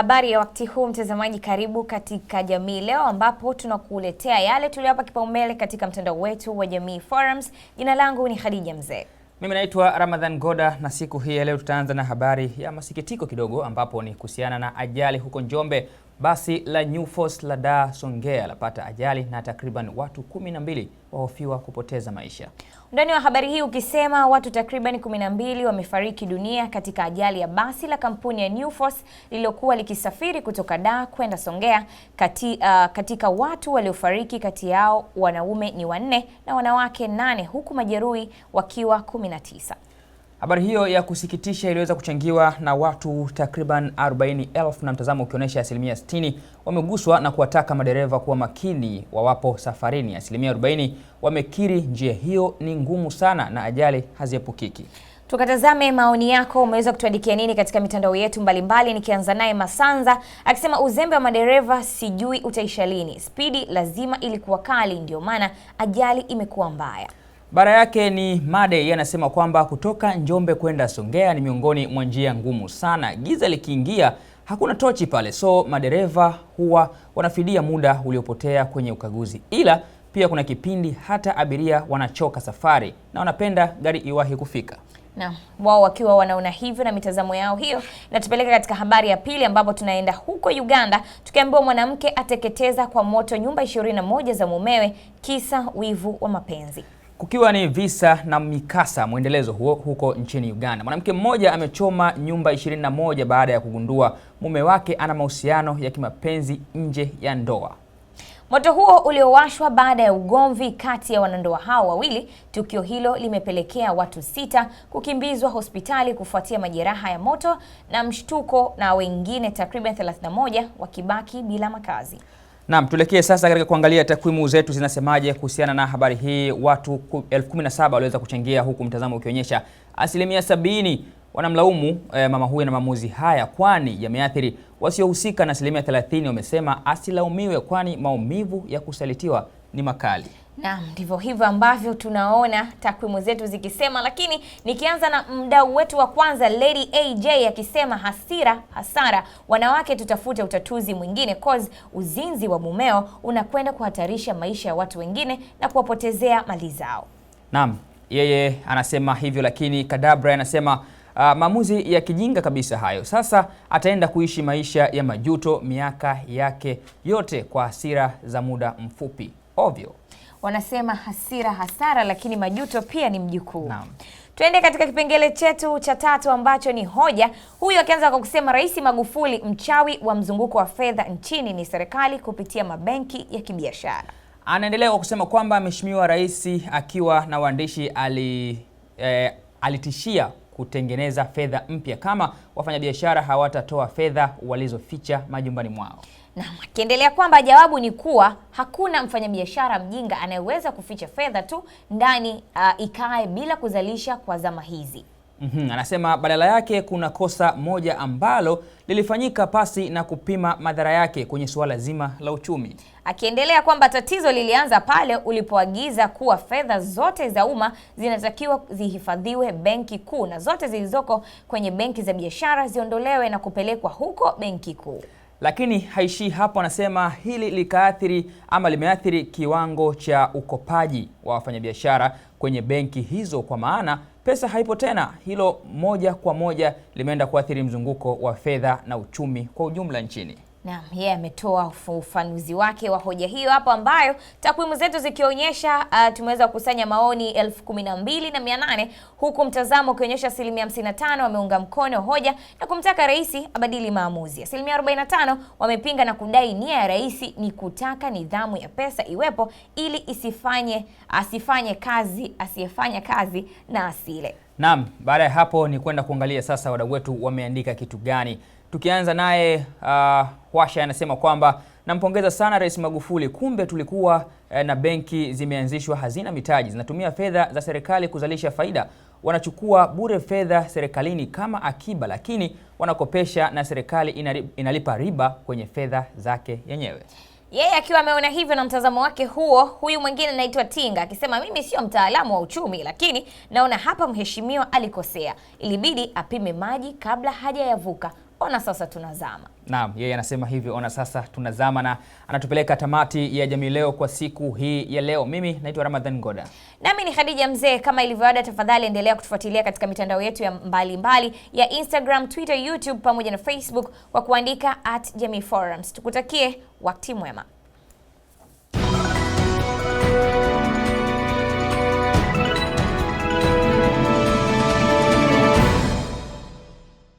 Habari ya wakati huu mtazamaji, karibu katika Jamii Leo ambapo tunakuletea yale tuliyopa kipaumbele katika mtandao wetu wa Jamii Forums. Jina langu ni Khadija Mzee. Mimi naitwa Ramadhan Goda na siku hii ya leo tutaanza na habari ya masikitiko kidogo ambapo ni kuhusiana na ajali huko Njombe basi la New Force la Dar Songea lapata ajali na takriban watu kumi na mbili wahofiwa kupoteza maisha. Undani wa habari hii ukisema watu takriban mbili wamefariki dunia katika ajali ya basi la kampuni ya New Force lililokuwa likisafiri kutoka Dar kwenda Songea. Kati, uh, katika watu waliofariki kati yao wanaume ni wanne na wanawake nane huku majeruhi wakiwa 19. Habari hiyo ya kusikitisha iliweza kuchangiwa na watu takriban 40,000 na mtazamo ukionyesha asilimia 60 wameguswa na kuwataka madereva kuwa makini wawapo safarini. Asilimia 40 wamekiri njia hiyo ni ngumu sana na ajali haziepukiki. Tukatazame maoni yako, umeweza kutuandikia nini katika mitandao yetu mbalimbali, nikianza naye Masanza akisema uzembe wa madereva sijui utaisha lini, spidi lazima ilikuwa kali, ndio maana ajali imekuwa mbaya. Bara yake ni Made anasema kwamba kutoka Njombe kwenda Songea ni miongoni mwa njia ngumu sana. Giza likiingia hakuna tochi pale, so madereva huwa wanafidia muda uliopotea kwenye ukaguzi, ila pia kuna kipindi hata abiria wanachoka safari na wanapenda gari iwahi kufika. na wao wakiwa wanaona hivyo na mitazamo yao hiyo, natupeleka katika habari ya pili, ambapo tunaenda huko Uganda, tukiambiwa mwanamke ateketeza kwa moto nyumba 21 za mumewe, kisa wivu wa mapenzi. Kukiwa ni visa na mikasa mwendelezo huo huko nchini Uganda. Mwanamke mmoja amechoma nyumba 21 baada ya kugundua mume wake ana mahusiano ya kimapenzi nje ya ndoa. Moto huo uliowashwa baada ya ugomvi kati ya wanandoa hao wawili. Tukio hilo limepelekea watu sita kukimbizwa hospitali kufuatia majeraha ya moto na mshtuko na wengine takriban 31 wakibaki bila makazi. Naam, tuelekee sasa katika kuangalia takwimu zetu zinasemaje kuhusiana na habari hii. Watu 1017 waliweza kuchangia huku mtazamo ukionyesha asilimia sabini wanamlaumu eh, mama huyu na maamuzi haya kwani yameathiri wasiohusika, na asilimia 30 wamesema asilaumiwe kwani maumivu ya kusalitiwa ni makali. Naam, ndivyo hivyo ambavyo tunaona takwimu zetu zikisema, lakini nikianza na mdau wetu wa kwanza Lady AJ akisema hasira hasara, wanawake tutafute utatuzi mwingine cause uzinzi wa mumeo unakwenda kuhatarisha maisha ya watu wengine na kuwapotezea mali zao. Naam, yeye anasema hivyo, lakini Kadabra anasema Uh, maamuzi ya kijinga kabisa hayo. Sasa ataenda kuishi maisha ya majuto miaka yake yote kwa hasira za muda mfupi ovyo. Wanasema hasira hasara, lakini majuto pia ni mjukuu. Naam. Tuende katika kipengele chetu cha tatu ambacho ni hoja. Huyu akianza kwa kusema Rais Magufuli mchawi wa mzunguko wa fedha nchini ni serikali kupitia mabenki ya kibiashara. Anaendelea kwa kusema kwamba Mheshimiwa Rais akiwa na waandishi ali, eh, alitishia kutengeneza fedha mpya kama wafanyabiashara hawatatoa fedha walizoficha majumbani mwao. Naam, akiendelea kwamba jawabu ni kuwa hakuna mfanyabiashara mjinga anayeweza kuficha fedha tu ndani uh, ikae bila kuzalisha kwa zama hizi. Mm -hmm. Anasema badala yake kuna kosa moja ambalo lilifanyika pasi na kupima madhara yake kwenye suala zima la uchumi, akiendelea kwamba tatizo lilianza pale ulipoagiza kuwa fedha zote za umma zinatakiwa zihifadhiwe Benki Kuu na zote zilizoko kwenye benki za biashara ziondolewe na kupelekwa huko Benki Kuu. Lakini haishii hapo, anasema hili likaathiri ama limeathiri kiwango cha ukopaji wa wafanyabiashara kwenye benki hizo, kwa maana pesa haipo tena. Hilo moja kwa moja limeenda kuathiri mzunguko wa fedha na uchumi kwa ujumla nchini. Naam, yeye yeah, ametoa ufafanuzi wake wa hoja hiyo hapo ambayo takwimu zetu zikionyesha uh, tumeweza kukusanya maoni elfu na huku mtazamo ukionyesha asilimia 55 wameunga mkono hoja na kumtaka rais abadili maamuzi. Asilimia 45 wamepinga na kudai nia ya rais ni kutaka nidhamu ya pesa iwepo ili isifanye asifanye kazi asiyefanya kazi na asile. Naam, baada ya hapo ni kwenda kuangalia sasa wadau wetu wameandika kitu gani. Tukianza naye uh, Washa anasema kwamba nampongeza sana Rais Magufuli, kumbe tulikuwa eh, na benki zimeanzishwa hazina mitaji, zinatumia fedha za serikali kuzalisha faida. Wanachukua bure fedha serikalini kama akiba, lakini wanakopesha na serikali inalipa riba kwenye fedha zake yenyewe. Yeye yeah, akiwa ameona hivyo na mtazamo wake huo. Huyu mwingine anaitwa Tinga akisema mimi sio mtaalamu wa uchumi, lakini naona hapa mheshimiwa alikosea, ilibidi apime maji kabla hajayavuka ona sasa tunazama. Naam, yeye anasema hivyo, ona sasa tunazama, na anatupeleka tamati ya Jamii Leo kwa siku hii ya leo. Mimi naitwa Ramadhan Ngoda, nami ni Khadija Mzee. Kama ilivyoada, tafadhali endelea kutufuatilia katika mitandao yetu ya mbalimbali mbali, ya Instagram, Twitter, YouTube pamoja na Facebook kwa kuandika at Jamii Forums. Tukutakie wakati mwema.